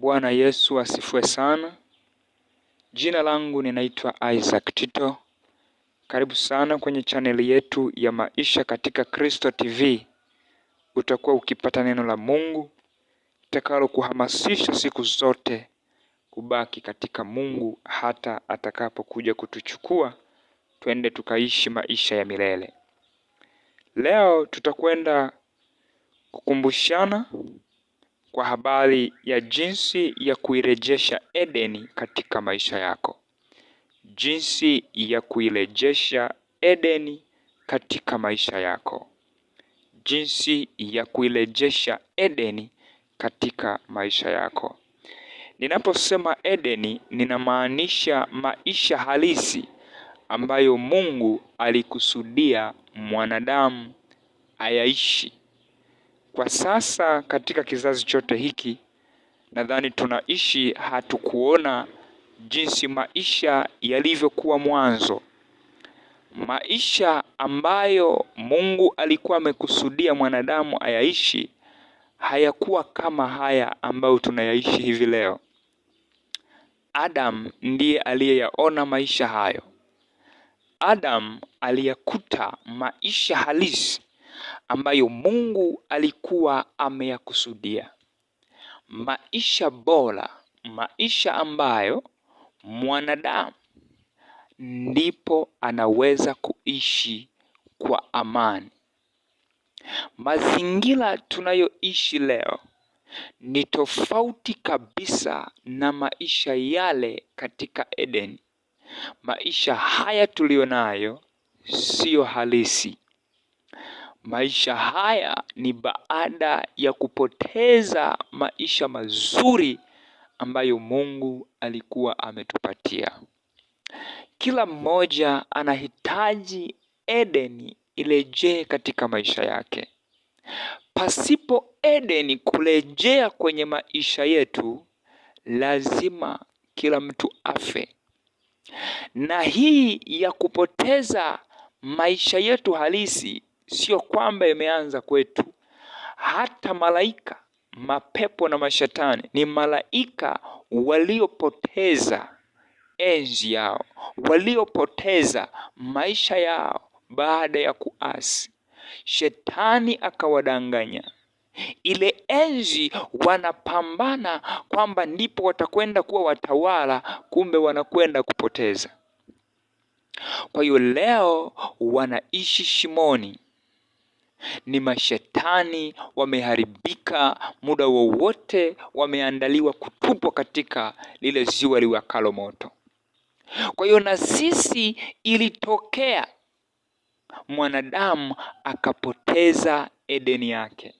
Bwana Yesu asifiwe sana. Jina langu ninaitwa Isaac Tito. Karibu sana kwenye chaneli yetu ya Maisha katika Kristo TV. Utakuwa ukipata neno la Mungu litakalo kuhamasisha siku zote kubaki katika Mungu hata atakapokuja kutuchukua twende tukaishi maisha ya milele. Leo tutakwenda kukumbushana kwa habari ya jinsi ya kuirejesha Eden katika maisha yako, jinsi ya kuirejesha Eden katika maisha yako, jinsi ya kuirejesha Eden katika maisha yako. Ninaposema Eden, ninamaanisha maisha halisi ambayo Mungu alikusudia mwanadamu ayaishi kwa sasa katika kizazi chote hiki nadhani tunaishi, hatukuona jinsi maisha yalivyokuwa mwanzo, maisha ambayo Mungu alikuwa amekusudia mwanadamu ayaishi hayakuwa kama haya ambayo tunayaishi hivi leo. Adam ndiye aliyeyaona maisha hayo. Adam aliyakuta maisha halisi ambayo Mungu alikuwa ameyakusudia, maisha bora, maisha ambayo mwanadamu ndipo anaweza kuishi kwa amani. Mazingira tunayoishi leo ni tofauti kabisa na maisha yale katika Edeni. Maisha haya tuliyonayo siyo halisi. Maisha haya ni baada ya kupoteza maisha mazuri ambayo Mungu alikuwa ametupatia. Kila mmoja anahitaji Edeni irejee katika maisha yake. Pasipo Edeni kurejea kwenye maisha yetu, lazima kila mtu afe, na hii ya kupoteza maisha yetu halisi sio kwamba imeanza kwetu. Hata malaika, mapepo na mashetani ni malaika waliopoteza enzi yao, waliopoteza maisha yao baada ya kuasi. Shetani akawadanganya ile enzi wanapambana kwamba ndipo watakwenda kuwa watawala, kumbe wanakwenda kupoteza. Kwa hiyo leo wanaishi shimoni, ni mashetani wameharibika, muda wowote wameandaliwa kutupwa katika lile ziwa liwakalo moto. Kwa hiyo na sisi ilitokea mwanadamu akapoteza Edeni yake,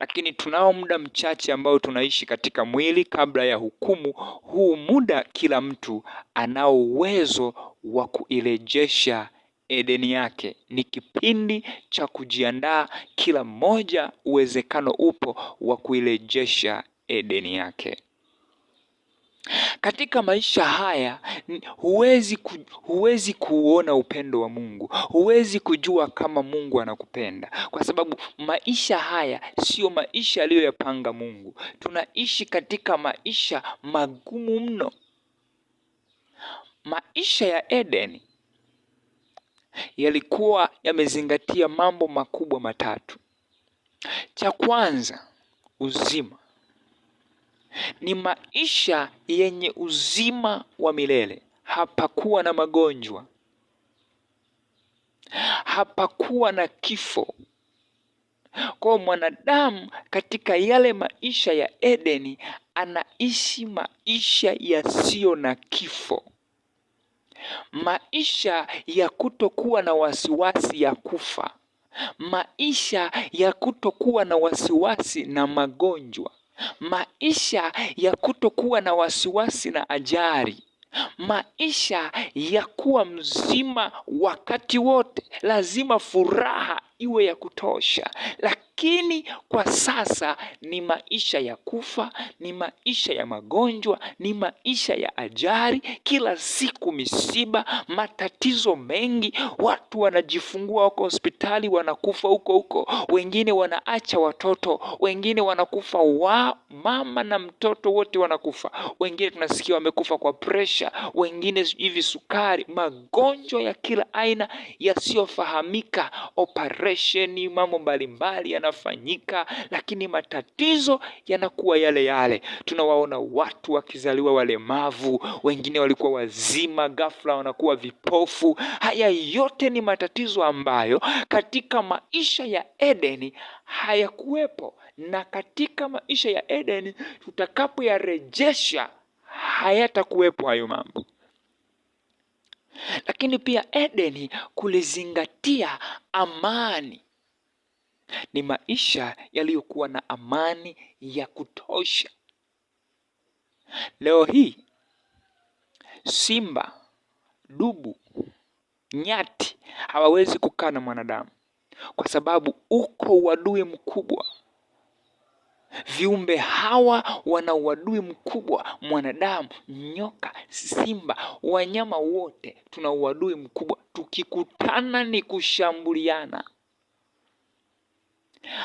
lakini tunao muda mchache ambao tunaishi katika mwili kabla ya hukumu. Huu muda kila mtu anao uwezo wa kuirejesha Edeni yake ni kipindi cha kujiandaa kila mmoja, uwezekano upo wa kuirejesha Edeni yake. Katika maisha haya huwezi, ku, huwezi kuuona upendo wa Mungu, huwezi kujua kama Mungu anakupenda kwa sababu maisha haya siyo maisha aliyoyapanga Mungu. Tunaishi katika maisha magumu mno. Maisha ya Edeni yalikuwa yamezingatia mambo makubwa matatu. Cha kwanza, uzima ni maisha yenye uzima wa milele. Hapakuwa na magonjwa, hapakuwa na kifo. Kwa mwanadamu katika yale maisha ya Edeni anaishi maisha yasiyo na kifo maisha ya kutokuwa na wasiwasi ya kufa, maisha ya kutokuwa na wasiwasi na magonjwa, maisha ya kutokuwa na wasiwasi na ajali, maisha ya kuwa mzima wakati wote. Lazima furaha iwe ya kutosha. Lakini kwa sasa ni maisha ya kufa, ni maisha ya magonjwa, ni maisha ya ajali, kila siku misiba, matatizo mengi. Watu wanajifungua wako hospitali, wanakufa huko huko, wengine wanaacha watoto, wengine wanakufa wa mama na mtoto wote wanakufa, wengine tunasikia wamekufa kwa presha, wengine hivi sukari, magonjwa ya kila aina yasiyofahamika, operesheni, mambo mbalimbali yana yanafanyika, lakini matatizo yanakuwa yale yale. Tunawaona watu wakizaliwa walemavu, wengine walikuwa wazima, ghafla wanakuwa vipofu. Haya yote ni matatizo ambayo katika maisha ya Edeni hayakuwepo, na katika maisha ya Edeni tutakapoyarejesha hayatakuwepo hayo mambo. Lakini pia Edeni kulizingatia amani ni maisha yaliyokuwa na amani ya kutosha. Leo hii simba, dubu, nyati hawawezi kukaa na mwanadamu kwa sababu uko uadui mkubwa. Viumbe hawa wana uadui mkubwa, mwanadamu, nyoka, simba, wanyama wote tuna uadui mkubwa, tukikutana ni kushambuliana.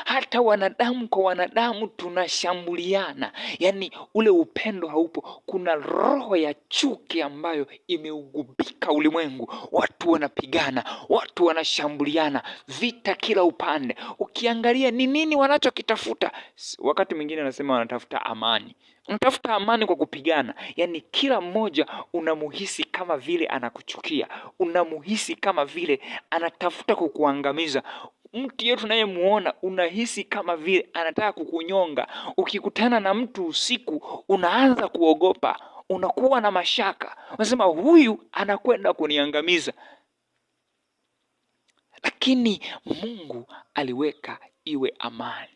Hata wanadamu kwa wanadamu tunashambuliana, yaani ule upendo haupo. Kuna roho ya chuki ambayo imeugubika ulimwengu. Watu wanapigana, watu wanashambuliana, vita kila upande. Ukiangalia ni nini wanachokitafuta, wakati mwingine anasema wanatafuta amani. Unatafuta amani kwa kupigana, yaani kila mmoja unamuhisi kama vile anakuchukia, unamuhisi kama vile anatafuta kukuangamiza mtu yeyote unayemuona unahisi kama vile anataka kukunyonga. Ukikutana na mtu usiku, unaanza kuogopa, unakuwa na mashaka, unasema huyu anakwenda kuniangamiza. Lakini Mungu aliweka iwe amani.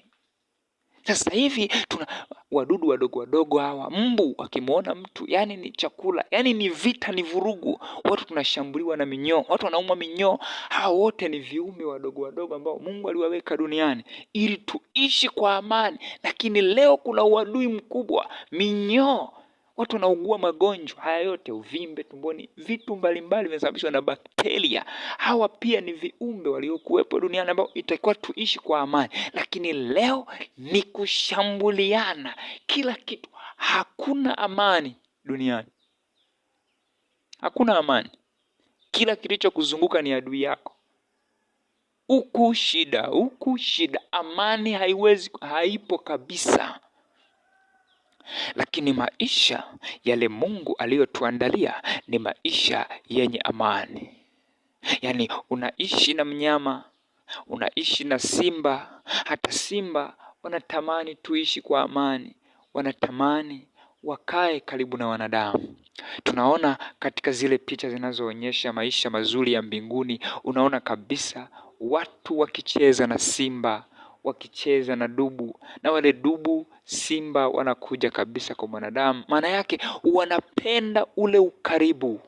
Sasa hivi tuna wadudu wadogo wadogo hawa, mbu wakimwona mtu, yani ni chakula, yani ni vita, ni vurugu. Watu tunashambuliwa na minyoo, watu wanaumwa minyoo. Hawa wote ni viumbe wadogo wadogo ambao Mungu aliwaweka duniani ili tuishi kwa amani, lakini leo kuna uadui mkubwa, minyoo watu wanaugua magonjwa haya yote, uvimbe tumboni, vitu mbalimbali vinasababishwa na bakteria. Hawa pia ni viumbe waliokuwepo duniani ambao itakiwa tuishi kwa amani, lakini leo ni kushambuliana kila kitu. Hakuna amani duniani, hakuna amani. Kila kilichokuzunguka ni adui yako huku shida, huku shida, amani haiwezi, haipo kabisa. Lakini maisha yale Mungu aliyotuandalia ni maisha yenye amani. Yaani unaishi na mnyama, unaishi na simba. Hata simba wanatamani tuishi kwa amani, wanatamani wakae karibu na wanadamu. Tunaona katika zile picha zinazoonyesha maisha mazuri ya mbinguni, unaona kabisa watu wakicheza na simba wakicheza na dubu, na wale dubu simba wanakuja kabisa kwa mwanadamu. Maana yake wanapenda ule ukaribu.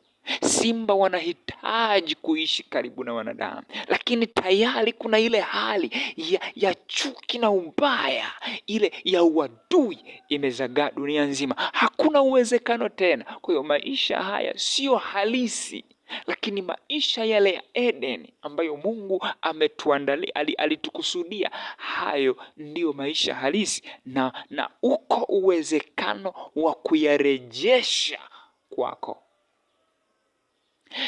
Simba wanahitaji kuishi karibu na wanadamu, lakini tayari kuna ile hali ya, ya chuki na ubaya, ile ya uadui imezagaa dunia nzima. Hakuna uwezekano tena. Kwa hiyo maisha haya siyo halisi. Lakini maisha yale ya eden ambayo Mungu ametuandalia, alitukusudia, hayo ndiyo maisha halisi, na, na uko uwezekano wa kuyarejesha kwako.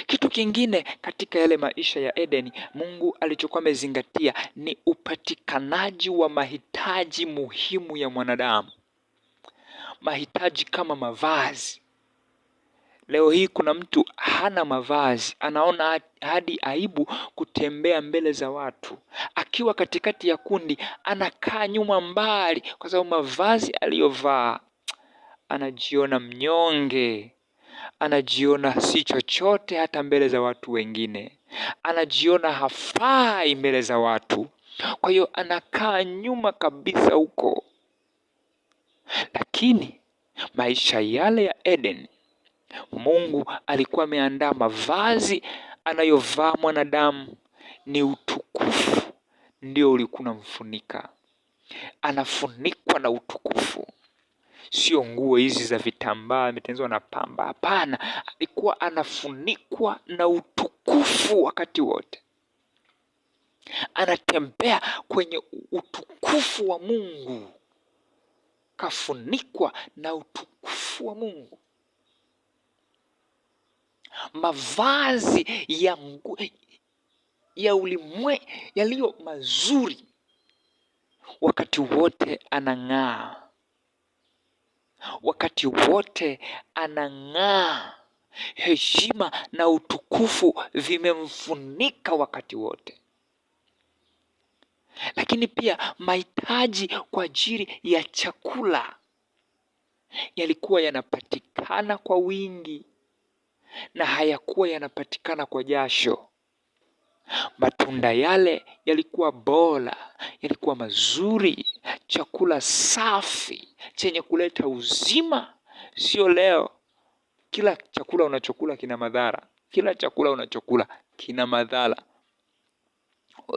Kitu kingine katika yale maisha ya Edeni, Mungu alichokuwa amezingatia ni upatikanaji wa mahitaji muhimu ya mwanadamu, mahitaji kama mavazi Leo hii kuna mtu hana mavazi, anaona hadi aibu kutembea mbele za watu. Akiwa katikati ya kundi, anakaa nyuma mbali kwa sababu mavazi aliyovaa. Anajiona mnyonge, anajiona si chochote hata mbele za watu wengine, anajiona hafai mbele za watu. Kwa hiyo anakaa nyuma kabisa huko, lakini maisha yale ya Eden Mungu alikuwa ameandaa mavazi anayovaa mwanadamu ni utukufu ndio ulikuwa unamfunika. Anafunikwa na utukufu, sio nguo hizi za vitambaa imetengenezwa na pamba. Hapana, alikuwa anafunikwa na utukufu wakati wote, anatembea kwenye utukufu wa Mungu, kafunikwa na utukufu wa Mungu mavazi ya, ya ulimwe yaliyo mazuri, wakati wote anang'aa, wakati wote anang'aa. Heshima na utukufu vimemfunika wakati wote lakini pia mahitaji kwa ajili ya chakula yalikuwa yanapatikana kwa wingi na hayakuwa yanapatikana kwa jasho. Matunda yale yalikuwa bora, yalikuwa mazuri, chakula safi chenye kuleta uzima. Sio leo kila chakula unachokula kina madhara, kila chakula unachokula kina madhara,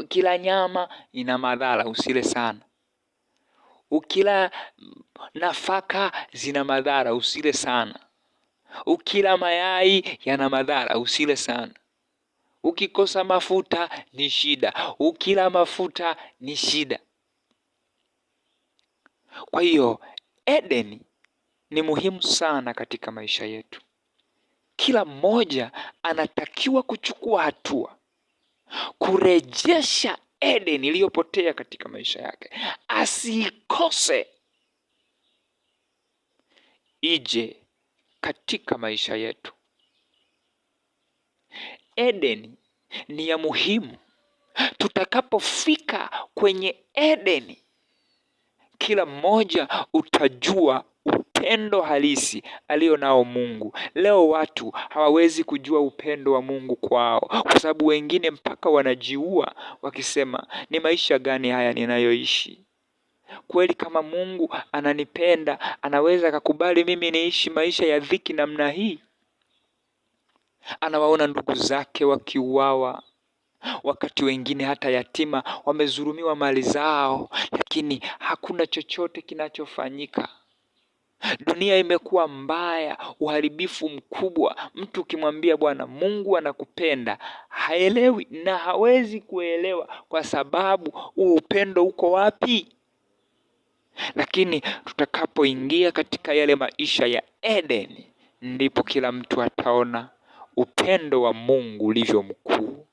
kila nyama ina madhara, usile sana. Ukila nafaka zina madhara, usile sana. Ukila mayai yana madhara, usile sana. Ukikosa mafuta ni shida, ukila mafuta ni shida. Kwa hiyo Edeni ni muhimu sana katika maisha yetu. Kila mmoja anatakiwa kuchukua hatua kurejesha Edeni iliyopotea katika maisha yake, asiikose ije katika maisha yetu. Edeni ni ya muhimu. Tutakapofika kwenye Edeni, kila mmoja utajua upendo halisi alio nao Mungu. Leo watu hawawezi kujua upendo wa Mungu kwao, kwa sababu wengine mpaka wanajiua wakisema, ni maisha gani haya ninayoishi? Kweli kama Mungu ananipenda, anaweza akakubali mimi niishi maisha ya dhiki namna hii? Anawaona ndugu zake wakiuawa, wakati wengine hata yatima wamezurumiwa mali zao, lakini hakuna chochote kinachofanyika. Dunia imekuwa mbaya, uharibifu mkubwa. Mtu ukimwambia bwana, Mungu anakupenda, haelewi na hawezi kuelewa, kwa sababu huu upendo uko wapi? Lakini tutakapoingia katika yale maisha ya Edeni, ndipo kila mtu ataona upendo wa Mungu ulivyo mkuu.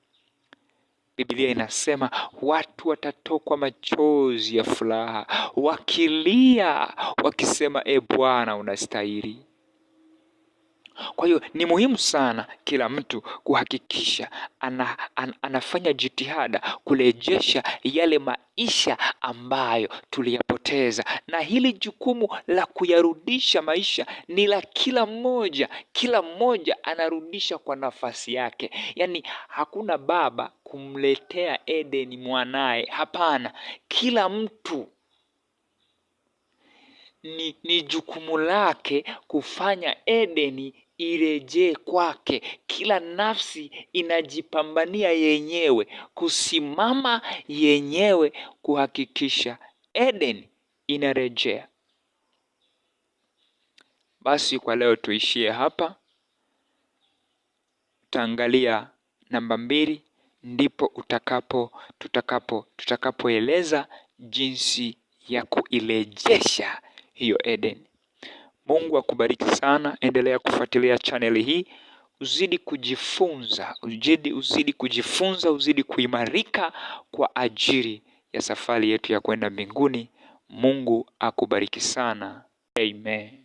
Biblia inasema watu watatokwa machozi ya furaha, wakilia wakisema, e Bwana unastahili. Kwa hiyo ni muhimu sana kila mtu kuhakikisha ana, an, anafanya jitihada kurejesha yale maisha ambayo tuliyapoteza, na hili jukumu la kuyarudisha maisha ni la kila mmoja. Kila mmoja anarudisha kwa nafasi yake, yaani hakuna baba kumletea Edeni mwanaye. Hapana, kila mtu ni, ni jukumu lake kufanya Edeni irejee kwake. Kila nafsi inajipambania yenyewe, kusimama yenyewe kuhakikisha Eden inarejea. Basi kwa leo tuishie hapa, tutaangalia namba mbili, ndipo utakapo tutakapo tutakapoeleza jinsi ya kuirejesha hiyo Eden. Mungu akubariki sana, endelea kufuatilia chaneli hii, uzidi kujifunza, uzidi, uzidi kujifunza, uzidi kuimarika kwa ajili ya safari yetu ya kwenda mbinguni. Mungu akubariki sana, amen.